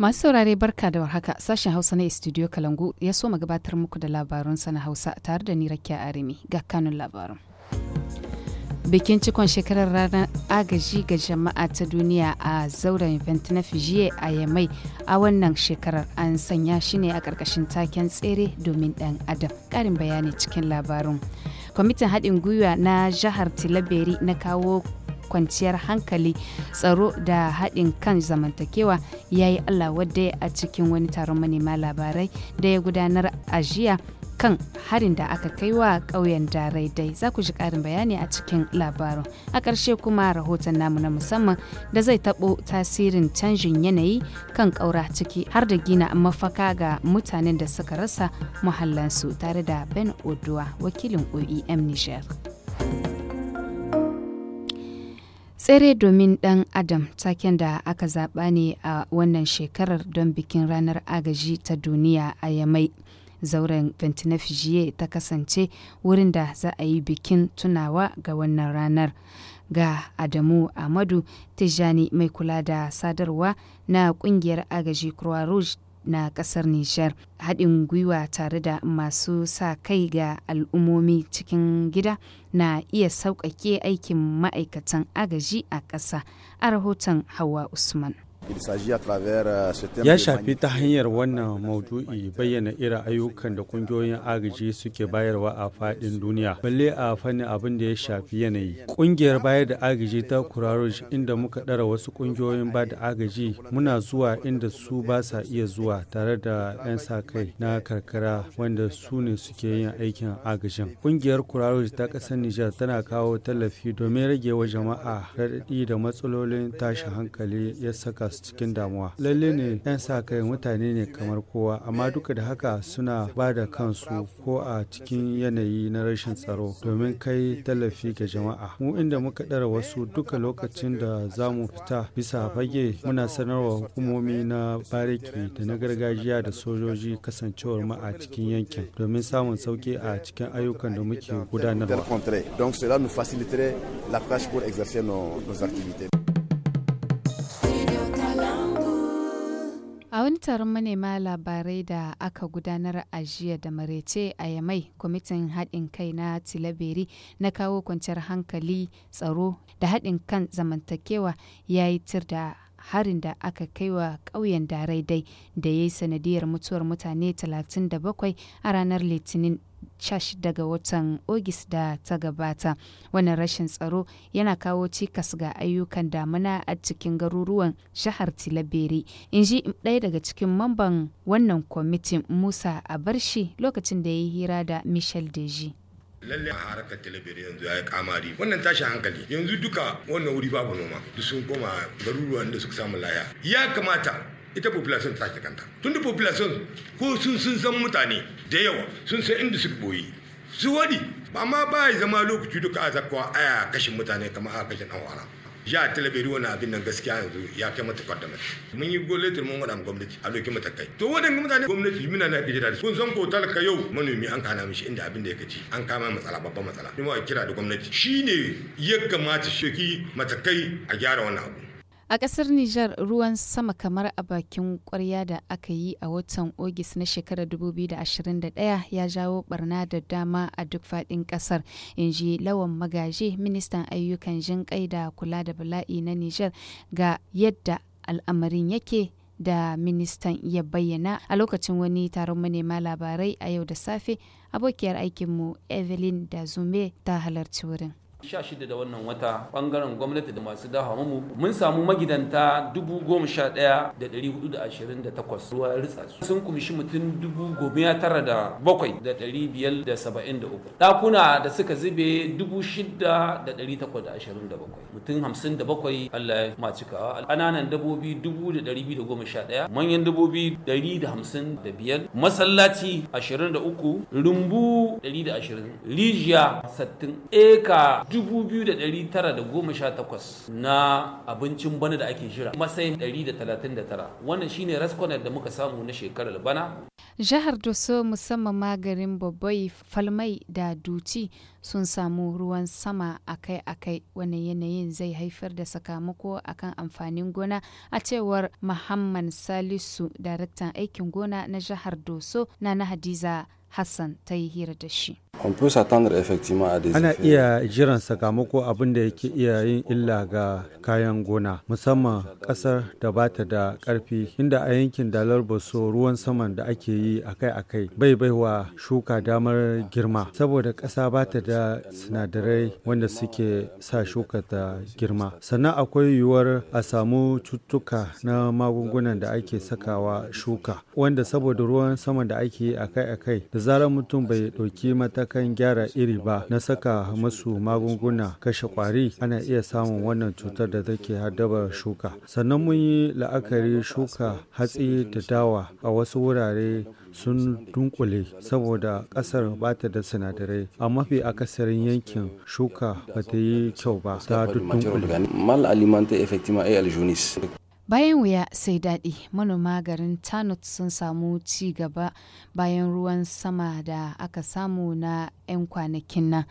Masu saurare barka da warhaka sashen Hausa na Studio Kalangu ya so gabatar muku da labarun sana Hausa tare da ni Arimi ga kanun labarun. Bikin cikon shekarar ranar agaji ga jama'a ta duniya a zauren na Fijiye a Yamai a wannan shekarar an sanya shi ne a ƙarƙashin taken tsere domin ɗan adam. Ƙarin bayani cikin labarun. kwamitin haɗin gwiwa na jihar tilaberi na kawo kwanciyar hankali tsaro da haɗin kan zamantakewa ya yi allah wadda a cikin wani taron manema labarai da ya gudanar a jiya kan harin da aka kai wa ƙauyen darai dai za ku ji ƙarin bayani a cikin labarin a ƙarshe kuma rahoton namu na musamman da zai taɓo tasirin canjin yanayi kan ƙaura ciki har da gina mafaka ga mutanen da suka rasa muhallansu tare da ben oduwa wakilin oem niger tsere domin ɗan adam taken da aka zaɓa ne a wannan shekarar don bikin ranar agaji ta duniya a yamai zauren fentinafijiye ta kasance wurin da za a yi bikin tunawa ga wannan ranar ga adamu amadu tijjani mai kula da sadarwa na kungiyar agaji croix rouge na kasar Nijar haɗin gwiwa tare da masu sa kai ga al'ummomi cikin gida na iya sauƙaƙe aikin ma'aikatan agaji a ƙasa a rahoton Hawa Usman. Euh, ya shafi ta hanyar euh, wannan maudu'i bayyana irin ayyukan da kungiyoyin agaji suke bayarwa a faɗin duniya, balle a fannin abin da ya shafi yanayi. Kungiyar bayar da agaji ta kurarush inda muka ɗara wasu kungiyoyin ba da agaji muna zuwa inda su ba sa iya zuwa tare da 'yan sa kai na karkara wanda su ne suke yin aikin agajin. Kungiyar kurarush ta ƙasar Nijar tana kawo tallafi domin rage wa jama'a raɗaɗi da matsalolin tashin hankali ya saka cikin damuwa lalle ne 'yan sa kai mutane ne kamar kowa amma duka da haka suna ba da kansu ko a cikin yanayi na rashin tsaro domin kai tallafi ga jama'a mu inda muka ɗara wasu duka lokacin da za mu fita bisa fage muna sanarwa hukumomi na bariki da na gargajiya da sojoji kasancewar mu a cikin yankin domin samun sauki a cikin ayyukan da muke gudanarwa. Donc cela nous A wani taron manema labarai da aka gudanar a jiya da marece a Yamai, kwamitin haɗin kai na Tilaberi na kawo kwanciyar hankali tsaro da haɗin kan zamantakewa ya yi tir da harin da aka kai wa ƙauyen darai dai da ya yi sanadiyar mutuwar mutane 37 a ranar Litinin cash daga watan ogis da ta gabata wannan rashin tsaro yana kawo cikas ga ayyukan damuna a cikin garuruwan shahar tilabere in ji ɗaya daga cikin mamban wannan kwamitin musa a barshi lokacin da ya yi hira da michel deji lalle a harkar talabere yanzu ya yi kamari wannan tashi hankali yanzu duka wannan wuri babu noma da sun koma garuruwan da suka samu laya ya kamata ita population ta take kanta tun da population ko sun sun san mutane da yawa sun san inda suka boye su wadi ma ba ya zama lokaci duka a zakawa aya kashin mutane kamar a kashin dan wara ya talabiri wani abin nan gaskiya yanzu ya kai mata kwadda mata mun yi goletin mun wadanda gwamnati a lokacin matakai to waɗanda mutane gwamnati muna na kije da kun san ko talaka yau manomi an kana mishi inda abin da ya kaci an kama matsala babban matsala kuma kira da gwamnati shine ya kamata shi matakai a gyara wannan abu A ƙasar Nijar ruwan sama kamar a bakin ƙwarya da aka yi a watan Ogis na shekarar 2021 ya jawo barna da dama a duk faɗin ƙasar, in ji Lawan Magaje, ministan ayyukan jin jinƙai da kula da bala'i na Nijar ga yadda al'amarin yake da ministan ya bayyana a lokacin wani taron manema labarai a yau da safe abokiyar aikinmu evelyn da zume ta halarci wurin sha shida da wannan wata bangaren gwamnati da masu dawa mu mun samu magidanta dubu goma sha ɗaya da ɗari hudu da ashirin da takwas ruwa ritsa su sun kumshi mutum dubu goma tara da bakwai da ɗari biyar da saba'in da uku ɗakuna da suka zube dubu shida da ɗari takwas da ashirin da bakwai mutum hamsin da bakwai Allah ya macikawa ƙananan dabobi dubu da ɗari biyu da goma sha ɗaya manyan dabobi ɗari da hamsin da biyar masallaci ashirin da uku rumbu ɗari da ashirin rijiya sattin eka 2,918 na abincin bana da ake jira matsayin 139 wannan shine raskonar da muka samu na shekarar bana jihar doso musamman magarin babbai falmai da duci sun samu ruwan sama akai-akai wannan yanayin zai haifar da sakamako akan amfanin gona a cewar muhammad salisu daraktan aikin gona na jihar doso na na hadiza Hassan ta yi hira da shi. Ana iya jiran sakamako abin da yake iya yin illa ga kayan gona, musamman ƙasar da ba ta da ƙarfi, inda a yankin dalar baso ruwan saman da ake yi akai-akai bai baiwa shuka damar girma, saboda ƙasa ba ta da sinadarai wanda suke sa shuka ta girma. Sannan akwai yiwuwar a samu cututtuka na magungunan da ake sakawa shuka, wanda saboda ruwan saman da ake yi akai-akai da da zarar mutum bai ɗauki matakan gyara iri ba na saka masu magunguna kashe kwari ana iya samun wannan cutar da take haddaba shuka sannan mun yi la'akari shuka hatsi da dawa a wasu wurare sun dunkule saboda ƙasar bata da sinadarai a mafi akasarin yankin shuka ba ta yi kyau ba ta dunkule Bayan wuya sai daɗi manoma garin Tanut sun samu ci gaba bayan ruwan sama da aka samu na 'yan kwanakin nan.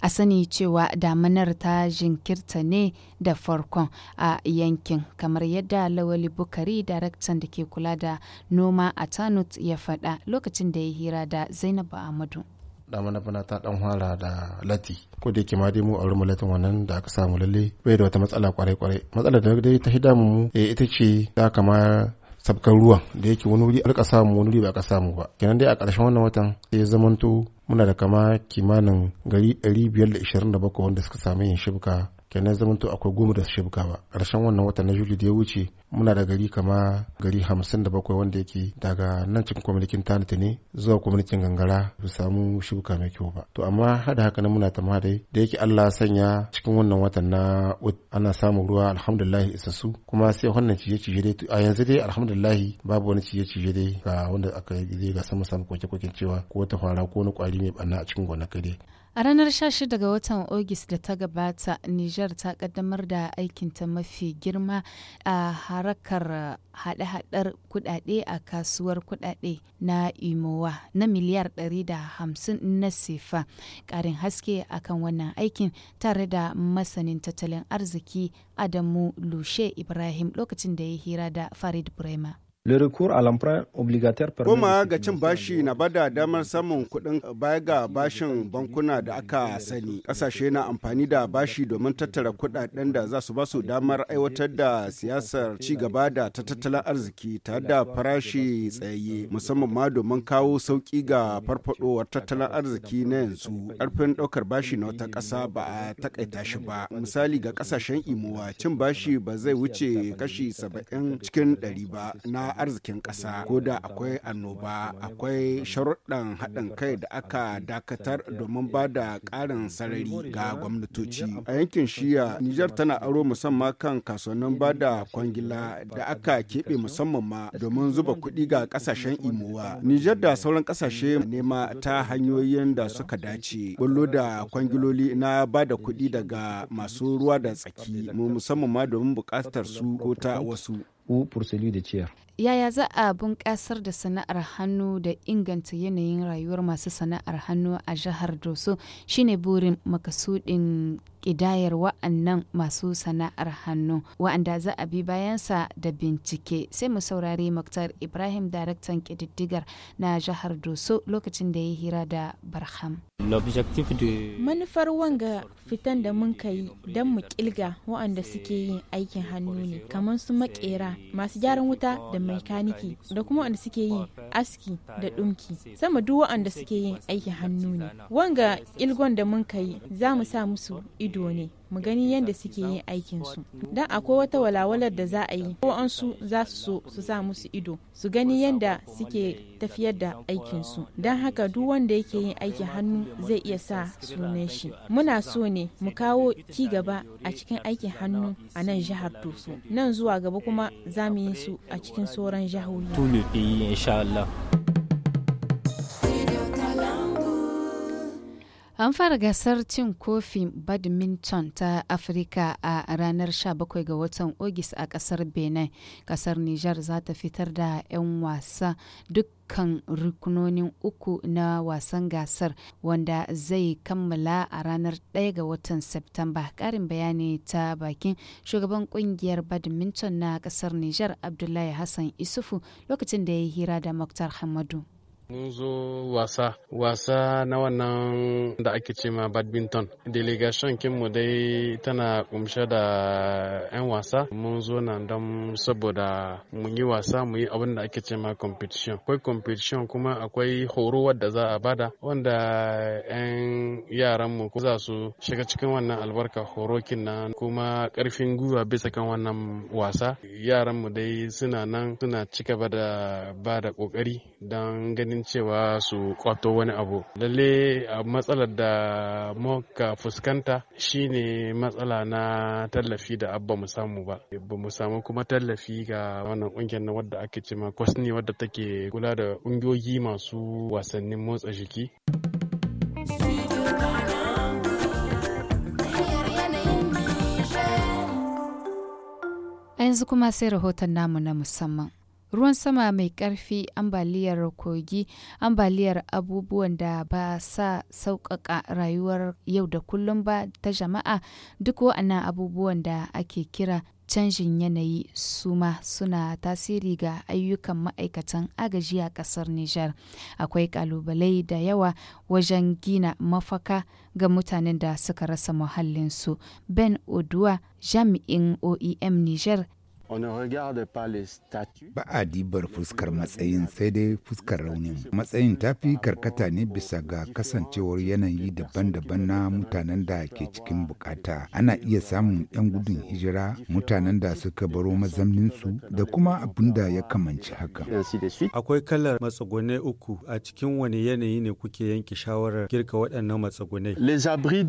A sani cewa damanar ta jinkirta ne da farkon a yankin kamar yadda Lawali Bukari daraktan da ke kula da noma a Tanut ya faɗa lokacin da ya hira da Zainabu Amadu. da mana bana ta dan fara da lati ko da yake ma dai mu a wurin latin wannan da aka samu lalle bai da wata matsala kwarai kwarai matsalar da dai ta hidamu mu eh, ita ce da kamar sabkan ruwan da yake wani wuri alka samu wani wuri ba ka samu ba kenan dai a ƙarshen wannan watan sai zamanto muna da kama kimanin gari 527 wanda suka samu yin shibka kenan zaman to akwai goma da su ba ƙarshen wannan wata na juli da ya wuce muna da gari kama gari hamsin da bakwai wanda yake daga nan cikin kwamitin tanita ne zuwa kwamitin gangara su samu shibuka mai kyau ba to amma hada haka na muna tama dai da yake Allah sanya cikin wannan watan na ana samun ruwa alhamdulillah isassu kuma sai wannan ciye ciye dai a yanzu dai alhamdulillah babu wani ciye ciye dai ga wanda aka yi ga sama samu kwake koken cewa ko ta fara ko wani kwari mai banna a cikin gonakai dai A ranar 16 ga watan Ogis da ta gabata, Nijar ta kaddamar da aikinta mafi girma a harakar haɗe-haɗar kuɗaɗe a kasuwar kuɗaɗe na Imowa na miliyar 150 na sefa. Ƙarin haske akan wannan aikin tare da masanin tattalin arziki Adamu Lushe Ibrahim lokacin da ya hira da Farid Brema. goma ga cin bashi na bada damar samun kuɗin baya ga bashin bankuna da aka sani. Ƙasashe na amfani da bashi domin tattara kuɗaɗen da za su ba su damar aiwatar da siyasar ci gaba da ta tattalin arziki tare da farashi tsayayye musamman ma domin kawo sauƙi ga farfadowar tattalin arziki na yanzu. Ƙarfin ɗaukar bashi na wata ƙasa ba a takaita shi ba. Misali ga ƙasashen Imowa cin bashi ba zai wuce kashi saba'in cikin ɗari ba na arzikin ƙasa ko da akwai annoba akwai sharuɗan haɗin kai da aka dakatar domin ba da ƙarin sarari ga gwamnatoci a yankin shiya nijar tana aro musamman kan kasuwannin ba da kwangila da aka keɓe musamman ma domin zuba kuɗi ga ƙasashen imowa nijar da sauran ƙasashe nema ta hanyoyin da suka dace bullo da kwangiloli na ba da kuɗi daga masu ruwa da tsaki musamman ma domin buƙatar su ko ta wasu ou pour da ciyar. Yaya za a bunƙasar da sana'ar hannu da inganta yanayin rayuwar masu sana'ar hannu a jihar Doso shine burin makasudin ƙidayar wa'annan masu sana'ar hannu wa'anda za a bi bayansa da bincike sai mu saurari maktar ibrahim daraktan ƙididdigar na jihar doso lokacin da ya hira da barham manufar wanga fitan da mun kai don mu kilga wa'anda suke yin aikin hannu ne kamar su makera masu gyaran wuta da mekaniki da kuma wanda suke yin aski da ɗumki sama duk wa'anda suke yin aikin hannu ne wanga ilgon da mun kai za mu sa musu ido ido ne mu gani yadda suke yin aikinsu dan akwai wata walawalar da za a yi ko an su za su so su sa musu ido su gani yadda suke tafiyar da aikinsu dan haka duk wanda yake yin aikin hannu zai iya sa sunan shi muna so ne mu kawo ci gaba a cikin aikin hannu a nan jihar doso nan zuwa gaba kuma za mu yi su a cikin sauran jihohi An fara gasar cin kofin badminton ta Afirka a ranar 17 ga watan Ogis a kasar Benin. Kasar Nijar za ta fitar da 'yan wasa dukkan rukunonin uku na wasan gasar wanda zai kammala a ranar 1 ga watan Septamba. Karin bayani ta bakin shugaban kungiyar badminton na kasar Nijar Abdullahi Hassan Isufu lokacin da ya yi hira da Muktar Hamadu. Mun zo wasa, wasa na wannan da ake ce ma badminton. Delegation kinmu dai tana kumshe da 'yan wasa. Mun zo nan don saboda mun yi wasa mu yi abin da ake ce ma competition. Akwai competition kuma akwai horo wadda za a bada wanda 'yan yaranmu za su shiga cikin wannan albarka horo nan kuma karfin gwiwa bisa kan wannan wasa. Yaranmu dai suna nan suna cika da ba da kokari don ganin kokarin cewa su kwato wani abu lalle matsalar da muka fuskanta shine matsala na tallafi da abba mu samu ba ba mu samu kuma tallafi ga wannan kungiyar na wadda ake ma kwasni wadda take kula da kungiyoyi masu wasannin motsa jiki yanzu kuma sai rahoton namu na musamman ruwan sama mai ƙarfi ambaliyar kogi ambaliyar abubuwan da ba sa sauƙaƙa rayuwar yau da kullum ba ta jama'a duk wa'annan abubuwan da ake kira canjin yanayi su ma suna tasiri ga ayyukan ma'aikatan agaji a ƙasar Nijar. Akwai ƙalubalai da yawa wajen gina mafaka ga mutanen da suka rasa muhallinsu. Ben Oduwa jami'in OEM Nijar Ba a dibar fuskar matsayin sai dai fuskar raunin. Matsayin ta fi karkata ne bisa ga kasancewar yanayi daban-daban na mutanen da ke cikin bukata. Ana iya samun 'yan gudun hijira, mutanen da suka baro mazamninsu da kuma abin da ya kamanci haka. Akwai kalar matsugunai uku a cikin wani yanayi ne kuke yanke shawarar girka waɗannan matsugunai.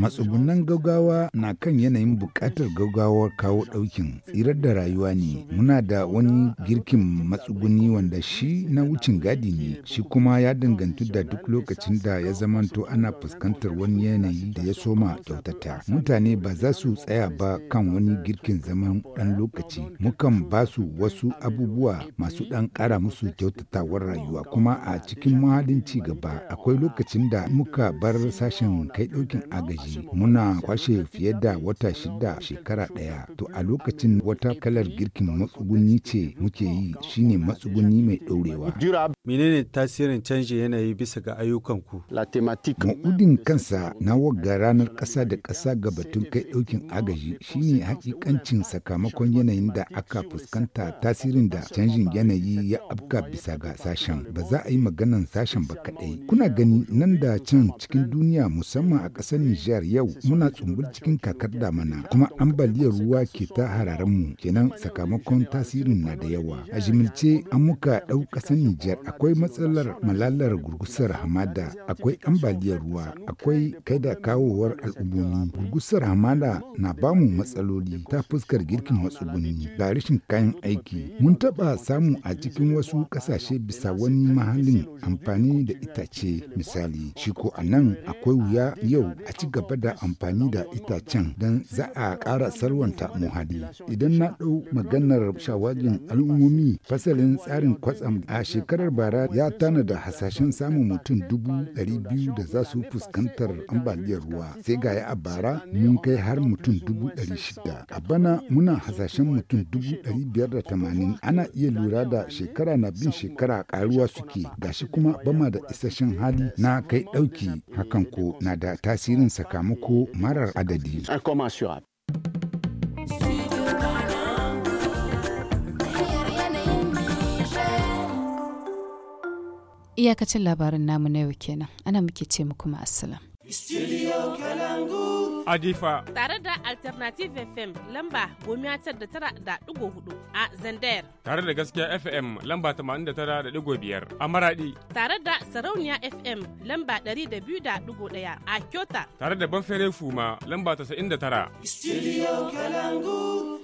Matsugunan gaggawa na kan yanayin bukatar gaggawar kawo ɗaukin tsirar da rayuwa ne muna da wani girkin matsuguni wanda shi na wucin gadi ne shi kuma ya dangantu da duk lokacin da ya zamanto ana fuskantar wani yanayi da ya soma kyautata mutane ba za su tsaya ba kan wani girkin zaman dan lokaci mukan ba su wasu abubuwa masu dan kara musu kyautatawar rayuwa kuma a cikin mahalin ci gaba akwai lokacin da muka bar sashen kai ɗaukin agaji muna kwashe fiye da wata shida shekara ɗaya to a lokacin wata kalar girki girkin matsuguni ce muke yi shine matsuguni mai ɗorewa. Menene tasirin canji yanayi bisa ga ayyukan ayyukanku? Ma'udin kansa na wagga ranar ƙasa da ƙasa ga batun kai ɗaukin agaji shine hakikancin sakamakon yanayin da aka fuskanta tasirin da canjin yanayi ya afka bisa ga sashen. Ba za a yi maganan sashen ba kaɗai. Kuna gani nan da can cikin duniya musamman a ƙasar Nijar yau muna tsumbul cikin kakar damana kuma ambaliyar ruwa ke ta hararen mu kenan sakamakon sakamakon tasirin na da yawa a jimilce an muka ɗau ƙasar nijar akwai matsalar malalar gurgusar hamada akwai ambaliyar ruwa akwai kai da kawowar al'ummomi gurgusar hamada na bamu matsaloli ta fuskar girkin matsuguni da rashin kayan aiki mun taɓa samu a cikin wasu ƙasashe bisa wani mahalin amfani da itace misali shi ko a nan akwai wuya yau a ci gaba da amfani da itacen don za a ƙara salwanta muhalli idan na ɗau maganar shawagin al'ummomi fasalin tsarin kwatsam a shekarar bara ya tana da hasashen samun mutum dubu ɗari biyu da za su fuskantar ambaliyar ruwa sai ga ya a bara mun kai har mutum dubu ɗari shida a bana muna hasashen mutum dubu ɗari biyar da tamanin ana iya lura da shekara na bin shekara karuwa suke gashi kuma bama da isasshen hali na kai ɗauki hakan ko na da tasirin sakamako marar adadi. Iyakacin labarin namu na yau kenan, ana muke ce mu kuma assalam. Studio Kalangu. Adifa. Tare da Alternative FM lamba gomiya da tara da ɗigo hudu a zander. Tare da gaskiya FM lamba tamanin da tara da ɗigo biyar a Maradi. Tare da Sarauniya FM lamba ɗari da biyu da ɗigo ɗaya a Kyota. Tare da Banfere Fuma lamba tasa'in da tara. Studio Kalangu.